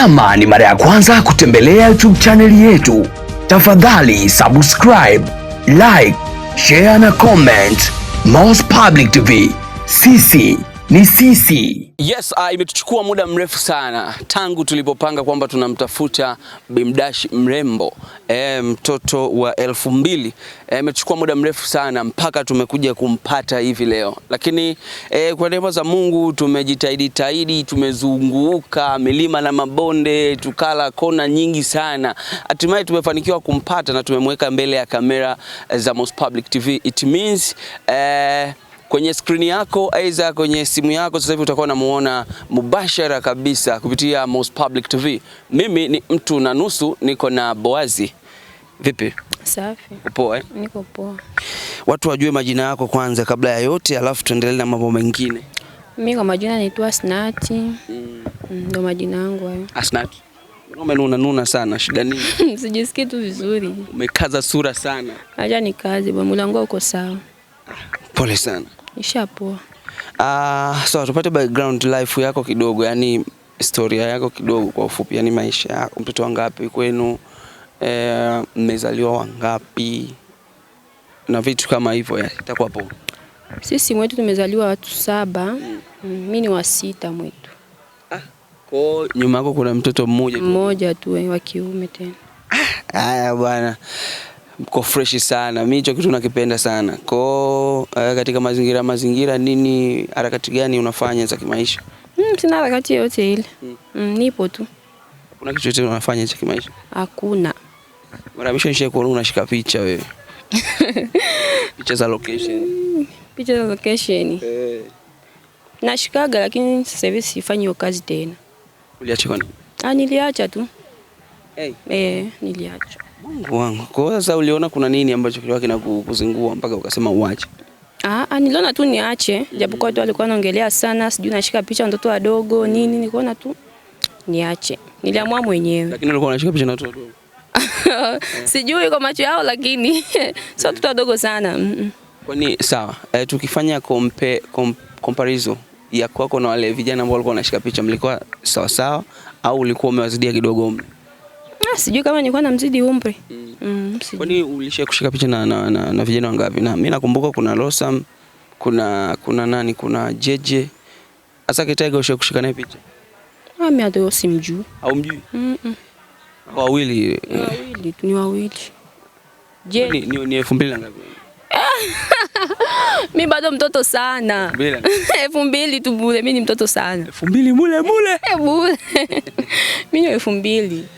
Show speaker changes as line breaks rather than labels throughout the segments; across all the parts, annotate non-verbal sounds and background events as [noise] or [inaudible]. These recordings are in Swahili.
Kama ni mara ya kwanza kutembelea YouTube chaneli yetu, tafadhali subscribe, like, share na comment. most Public TV, sisi ni sisi.
Yes, uh, imetuchukua muda mrefu sana tangu tulipopanga kwamba tunamtafuta Bimdash mrembo e, mtoto wa elfu mbili. E, imetuchukua muda mrefu sana mpaka tumekuja kumpata hivi leo, lakini e, kwa neema za Mungu tumejitahidi taidi, tumezunguka milima na mabonde, tukala kona nyingi sana, hatimaye tumefanikiwa kumpata na tumemweka mbele ya kamera za Most Public TV. It means, e, kwenye skrini yako, aidha kwenye simu yako sasa hivi utakuwa unamuona mubashara kabisa kupitia Most Public TV. Mimi ni mtu na nusu, niko na Boazi. Vipi? Safi. Poa eh?
Niko poa.
Watu wajue majina yako kwanza kabla ya yote, alafu tuendelee na mambo mengine.
Mimi kwa majina naitwa Asnati. Mm. mm Ndio majina yangu hayo. [laughs]
Asnati. Umenuna nuna sana, shida nini?
[laughs] Sijisikii tu vizuri.
Umekaza sura sana.
Acha nikaze, bwana, mwili uko sawa.
Ah, pole sana. Nishapoa. Uh, ah, so tupate background life yako kidogo, yani historia yako kidogo kwa ufupi, yani maisha yako, mtoto wangapi kwenu, eh, mmezaliwa wangapi na vitu kama hivyo, itakuwa poa.
Sisi mwetu tumezaliwa watu saba, mimi ni wa sita mwetu. Ah,
kwa nyuma yako kuna mtoto mmoja
mmoja tu eh, wa kiume tena.
Ah, haya bwana, mko fresh sana, mimi hicho kitu nakipenda sana kwao uh, katika mazingira mazingira, nini harakati gani unafanya za kimaisha?
Mm, sina harakati yoyote ile. Mm. Mm, nipo tu.
Kuna kitu chochote unafanya cha kimaisha?
Hakuna.
Mara mwisho nishakuona unashika picha wewe. [laughs] Picha za location. Mm,
picha za location. Eh. Nashikaga lakini sasa hivi sifanyi hiyo kazi tena. Uliacha kwani? Ah, niliacha tu. Hey. Eh, niliacha.
Mungu wangu. Kwa hiyo sasa uliona kuna nini ambacho kilikuwa kinakuzingua mpaka ukasema uache?
Ah, niliona tu niache, japokuwa watu walikuwa wanaongelea sana, sijui nashika picha watoto wadogo nini, nikaona tu niache. Niliamua mwenyewe.
Lakini ulikuwa unashika picha na watoto wadogo?
[laughs] Sijui kwa macho yao, lakini [laughs] sio watoto wadogo sana.
Kwani sawa. E, tukifanya kompe, kom, comparison ya kwako na wale vijana ambao walikuwa wanashika picha, mlikuwa sawa sawa au ulikuwa umewazidia kidogo umri?
Ah, sijui kama nilikuwa namzidi umri. Mm. Mm,
kwani ulisha kushika picha na, na, na, na vijana wangapi? Na mimi nakumbuka kuna Losam kuna kuna nani, kuna Jeje hasa Kitaiga. Ushe kushika naye picha?
Ah, mimi hata simjui. Au mjui? mm -mm.
Wawili
wawili tu ni wawili. Je, ni
ni elfu mbili na ngapi?
Mimi [laughs] bado mtoto sana, elfu mbili [laughs] tu bure. mimi ni mtoto sana, elfu
mbili mule mule
[laughs] bure. Mi ni elfu mbili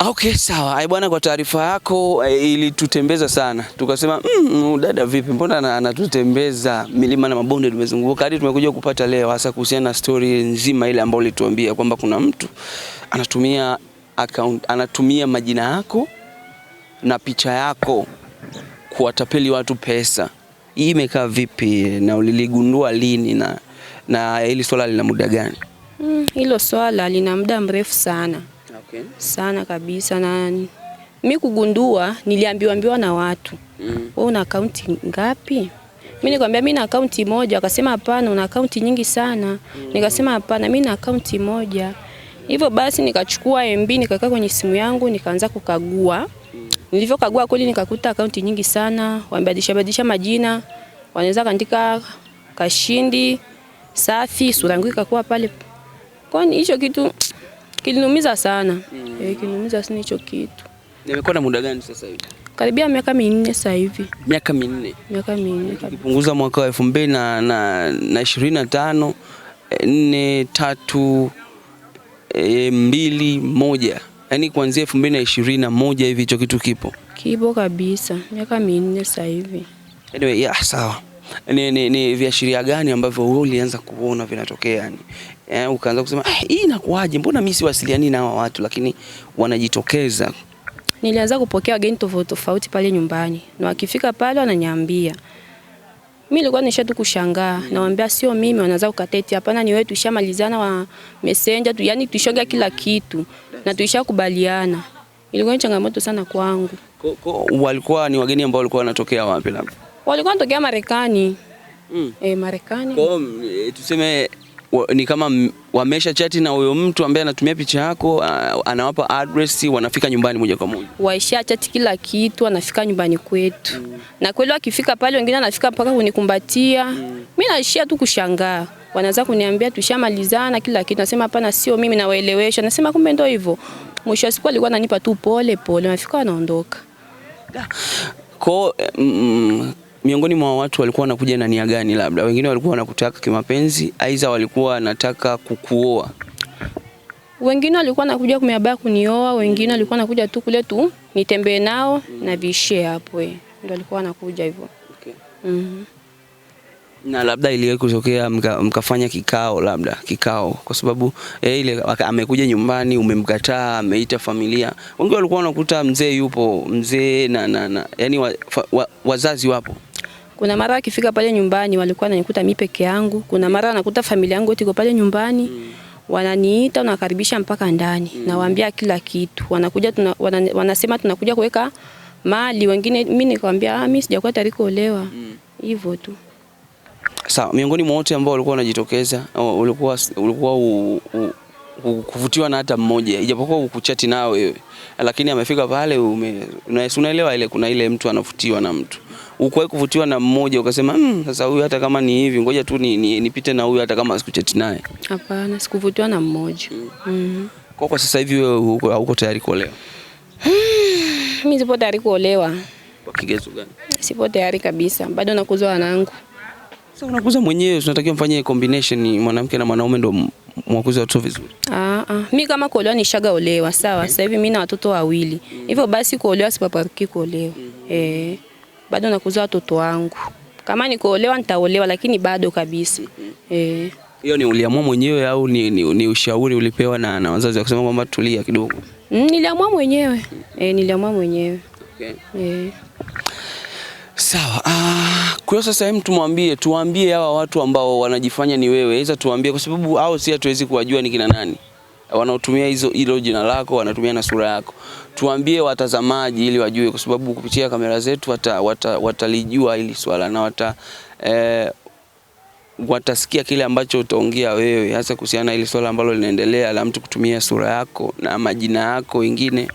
Okay, sawa bwana, kwa taarifa yako eh, ilitutembeza sana, tukasema mm, mm dada vipi, mbona anatutembeza milima na mabonde, tumezunguka hadi tumekuja kupata leo, hasa kuhusiana na story nzima ile ambayo ulituambia kwamba kuna mtu anatumia account, anatumia majina yako na picha yako kuwatapeli watu pesa. Hii imekaa vipi na uliligundua lini na na hili swala lina muda gani?
Mm, hilo mm, swala lina muda mrefu sana Okay. Sana kabisa na mi kugundua niliambiwaambiwa na watu mm. Wewe una akaunti ngapi? Mi nikamwambia mi na akaunti moja, akasema hapana, una akaunti nyingi sana mm. Nikasema hapana, mi na akaunti moja. Hivyo basi nikachukua MB nikaweka kwenye simu yangu nikaanza kukagua mm. Nilivyokagua kweli nikakuta akaunti nyingi sana, wamebadilisha badilisha majina, wanaweza kaandika Kashindi Safi, sura yangu ikakuwa pale. Kwani hicho kitu kiliniumiza sana mm. E, kiliniumiza sana hicho kitu.
Nimekuwa na muda gani sasa hivi?
Karibia miaka minne sasa hivi.
Miaka minne.
Miaka minne.
Kupunguza mwaka wa elfu mbili na, na, na ishirini na tano eh, nne tatu e, mbili moja yaani kuanzia elfu mbili na ishirini na moja hivi hicho kitu kipo
kipo kabisa, miaka minne sasa hivi.
Anyway, ya sawa. Ni, ni, ni viashiria gani ambavyo wewe ulianza kuona vinatokea yani eh, ukaanza kusema ah, hii inakuaje, mbona mimi siwasiliani na hawa watu, lakini wanajitokeza.
Nilianza kupokea wageni tofauti tofauti pale nyumbani, na wakifika pale wananiambia mimi nilikuwa nisha tu kushangaa, nawaambia sio mimi, wanaanza kukateti, hapana, ni wewe, tushamalizana wa messenger tu, yani tushonga kila kitu na tuishakubaliana. Ilikuwa ni changamoto sana kwangu.
Ko, Walikuwa ni wageni ambao walikuwa wanatokea wapi? Labda
walikuwa wanatokea Marekani. Mm. E, Marekani.
Kwa eh, tuseme ni kama wamesha chati na huyo mtu ambaye anatumia picha yako, anawapa address, wanafika nyumbani moja kwa moja,
waisha chati kila kitu, anafika nyumbani kwetu mm. na kweli akifika pale, wengine anafika mpaka kunikumbatia mm. mimi naishia tu kushangaa wanaanza kuniambia tushamalizana kila kitu. Nasema hapana, sio mimi, nawaelewesha. Nasema kumbe ndio hivyo. Mwisho wa siku alikuwa ananipa tu pole pole, nafika anaondoka
miongoni mwa watu walikuwa wanakuja na nia gani? Labda wengine walikuwa wanakutaka kimapenzi, aidha walikuwa wanataka kukuoa.
Wengine walikuwa wanakuja kumeabaya kunioa, wengine walikuwa wanakuja tu kule tu nitembee nao na viishie hapo, eh. ndio walikuwa wanakuja hivyo. Okay. mm -hmm.
Na labda iliwahi kutokea mka, mkafanya kikao labda kikao, kwa sababu eh, ile amekuja nyumbani umemkataa, ameita familia. Wengi walikuwa wanakuta mzee yupo mzee na, na, na yani wa, wa, wazazi wapo
kuna mara akifika pale nyumbani walikuwa wananikuta mimi peke yangu, kuna mara anakuta familia yangu yote iko pale nyumbani mm. Wananiita, wanakaribisha mpaka ndani mm. Nawaambia kila kitu, wanakuja tuna, wana, wanasema tunakuja kuweka mali wengine. Mimi nikamwambia ah, mimi sijakuwa tayari kuolewa mm. hivyo mm. tu.
Sawa, miongoni mwa wote ambao walikuwa wanajitokeza ulikuwa ulikuwa kuvutiwa na hata mmoja, ijapokuwa ukuchati nao wewe, lakini amefika pale unaelewa ile kuna ile mtu anavutiwa na mtu Ukuwahi kuvutiwa na mmoja ukasema mmm, sasa huyu hata kama ni hivi ngoja tu nipite ni, ni na huyu hata kama sikucheti naye?
Hapana, sikuvutiwa na mmoja. Mm. Mm-hmm.
Kwa kwa sasa hivi wewe hauko tayari kuolewa?
Mimi [sighs] sipo tayari kuolewa.
Kwa kigezo gani?
Sipo tayari kabisa, bado nakuza wanangu.
Sasa unakuza mwenyewe, tunatakiwa mfanye combination, mwanamke na mwanaume ndo mwakuza watoto vizuri.
Ah, ah. Mimi kama kuolewa olewa sawa. Mm-hmm. Sasa hivi mimi na watoto wawili, mm. hivyo basi kuolewa sipaparuki kuolewa. mm -hmm. Eh bado nakuzaa watoto wangu. Kama nikuolewa nitaolewa, lakini bado kabisa mm-hmm. eh.
Hiyo ni uliamua mwenyewe au ni, ni, ni ushauri ulipewa na, na wazazi wakusema kwamba tulia kidogo?
Mm, niliamua mwenyewe eh, niliamua mwenyewe okay. Eh.
Sawa. Ah, kwa sasa hem, tumwambie tuwaambie hawa watu ambao wanajifanya ni wewe, iza tuwaambie, kwa sababu au si hatuwezi kuwajua ni kina nani wanaotumia hizo hilo jina lako wanatumia na sura yako. Tuambie watazamaji ili wajue, kwa sababu kupitia kamera zetu watalijua wata, wata hili swala na wata eh, watasikia kile ambacho utaongea wewe hasa kuhusiana na hili swala ambalo linaendelea la mtu kutumia sura yako na majina yako wengine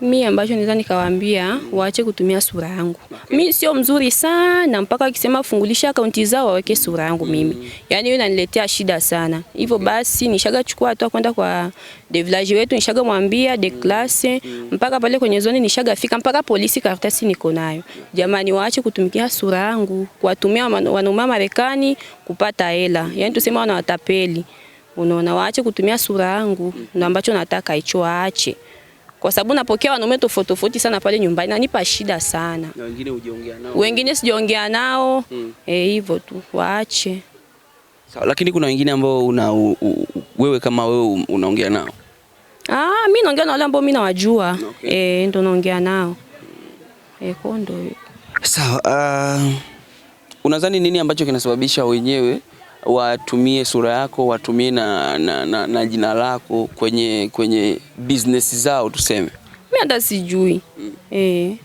Mi ambacho naweza nikawaambia waache kutumia sura yangu. Mi sio mzuri sana mpaka akisema fungulisha akaunti zao waweke sura yangu mimi. Yaani hiyo inaniletea shida sana. Hivyo basi nishaga chukua hatua kwenda kwa de village wetu mwambia de classe mpaka pale kwenye zone nishaga fika mpaka polisi karatasi niko nayo. Jamani waache kutumikia sura yangu, kuwatumia wanaume Marekani kupata hela. Yaani tuseme wanawatapeli. Unaona waache kutumia sura yangu ndio ambacho nataka hicho waache kwa sababu napokea wanaume tofauti tofauti sana pale nyumbani, nanipa shida sana. Na
wengine hujaongea nao?
Wengine sijaongea nao hmm. Eh, hivyo tu waache.
Sawa, lakini kuna wengine ambao una u, u, wewe kama wewe unaongea nao?
Ah, mimi naongea na wale ambao mimi nawajua. Okay. Eh, ndo naongea nao hmm. Eh, kondo.
Sawa, uh, unadhani nini ambacho kinasababisha wenyewe watumie sura yako, watumie na, na, na, na jina lako kwenye, kwenye business zao tuseme.
Mimi hata sijui mm. Eh.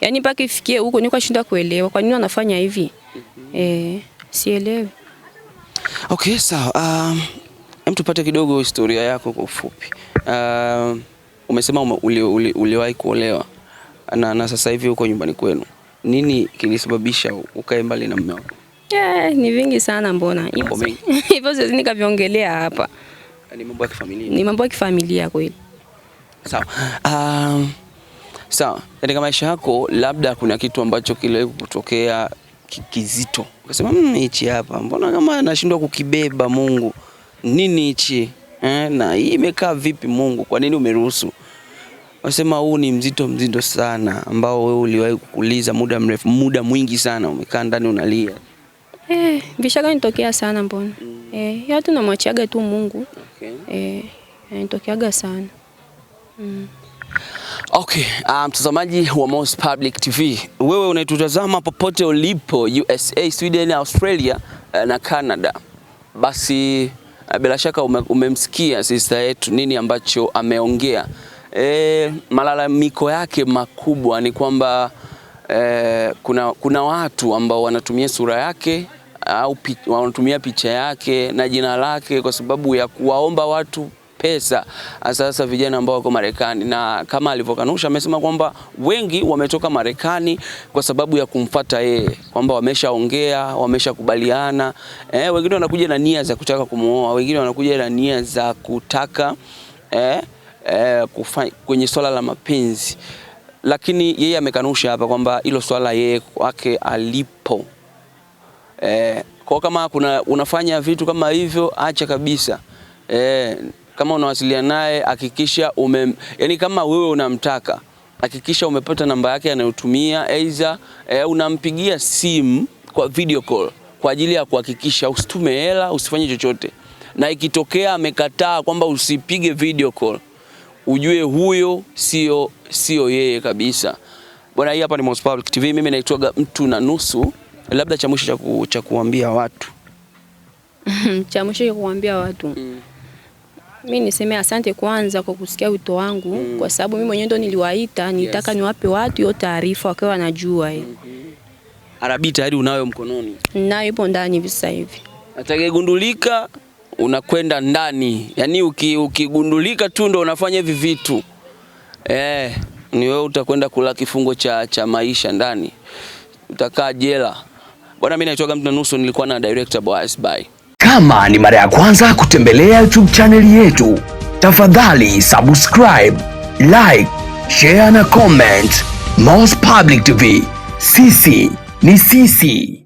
yaani mpaka ifikie huko niko shinda kuelewa kwa nini wanafanya hivi mm -hmm. sielewi.
Okay, sawa um, hem tupate kidogo historia yako kwa ufupi. Um, umesema uliwahi uli, uli kuolewa na, na sasa hivi uko nyumbani kwenu, nini kilisababisha ukae mbali na mume wako?
Yeah, ni vingi sana mbona. [laughs] Hivyo siwezi nikaviongelea hapa.
Ah, ni mambo ya kifamilia. Ni
mambo ya kifamilia kweli.
Sawa. Um, sawa. So, Katika maisha yako labda kuna kitu ambacho kile kutokea kizito. Ukasema mimi hichi hapa mbona kama nashindwa kukibeba Mungu. Nini hichi? Eh, na hii imekaa vipi Mungu? Kwa nini umeruhusu? Unasema huu ni mzito mzito sana ambao wewe uliwahi kukuliza muda mrefu, muda mwingi sana umekaa ndani unalia.
Eh, vishaga nitokea sana mbona. Mm. Eh, ya tunamwachiaga tu Mungu. Okay. Eh, nitokeaga sana. Mm.
Okay, ah, mtazamaji um, wa Most Public TV, wewe unaitutazama popote ulipo USA, Sweden, Australia eh, na Canada, basi eh, bila shaka ume, umemsikia sister yetu nini ambacho ameongea. E, malalamiko yake makubwa ni kwamba e, kuna, kuna watu ambao wanatumia sura yake au wanatumia picha yake na jina lake kwa sababu ya kuwaomba watu pesa hasa vijana ambao wako Marekani, na kama alivyokanusha, amesema kwamba wengi wametoka Marekani kwa sababu ya kumfata yeye, kwamba wameshaongea, wameshakubaliana. Eh, wengine wanakuja na nia za kutaka kumuoa wengine wanakuja na nia za kutaka eh, eh, kufa, kwenye swala la mapenzi, lakini yeye amekanusha hapa kwamba hilo swala yeye kwake alipo Eh, kwa kama kuna unafanya vitu kama hivyo acha kabisa. Eh, kama unawasiliana naye hakikisha ume, yani kama wewe unamtaka hakikisha umepata namba yake anayotumia, aidha eh, unampigia simu kwa video call kwa ajili ya kuhakikisha usitume hela, usifanye chochote, na ikitokea amekataa kwamba usipige video call, ujue huyo sio sio yeye kabisa bwana. Hii hapa ni Moz Public TV, mimi naitwaga mtu na nusu labda cha mwisho cha kuambia watu
[laughs] cha mwisho cha kuambia watu mm. Mi niseme asante kwanza kwa kusikia wito wangu mm. kwa sababu mi mwenyewe ndo niliwaita, nitaka yes. niwape watu hiyo taarifa wakiwa wanajua eh. mm -hmm.
Arabi tayari unayo mkononi,
nayo ipo ndani hivi sasa hivi,
atakayegundulika unakwenda ndani, yaani ukigundulika uki tu ndo unafanya hivi vitu eh, ni wewe utakwenda kula kifungo cha, cha maisha ndani, utakaa jela. Bwana, mimi naitwa na Nusu, nilikuwa na director Boaz Bye.
Kama ni mara ya kwanza kutembelea YouTube chaneli yetu, tafadhali subscribe, like, share na comment. Moz Public TV, sisi ni sisi.